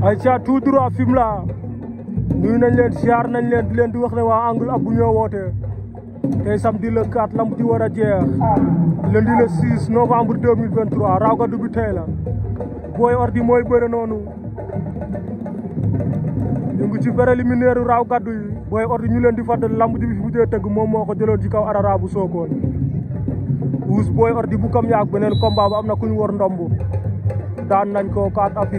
Aïcha tout droit Fimela nuyu nañ leen siyaar nañ leen di leen di wax ne waa Angle ak bu ñoo woote tey samedi le 4 lamb ji war a jeex lundi le 6 novembre 2023 raw gàddu bi tey la booy ordi mooy bëre noonu ñu ngi ci préliminaire raw gàddu yi booy ordi ñu leen di fàttali lamb ji bi fi mujjee tëgg moom moo ko jëloon ci kaw arara bu sookoon uus booy ordi bu kam yaag beneen combat ba am na ku ñu war ndomb daan nañ ko kaat api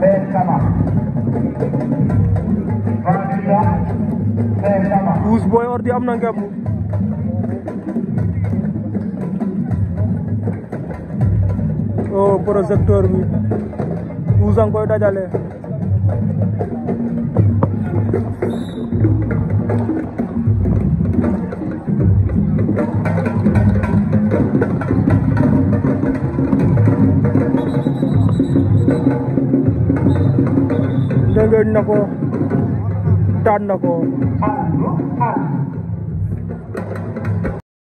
Benkama. Vanilla Ordi am na ngëm. oh projecteur bi Ouz a dajale. nëngëñ na ko daan na ko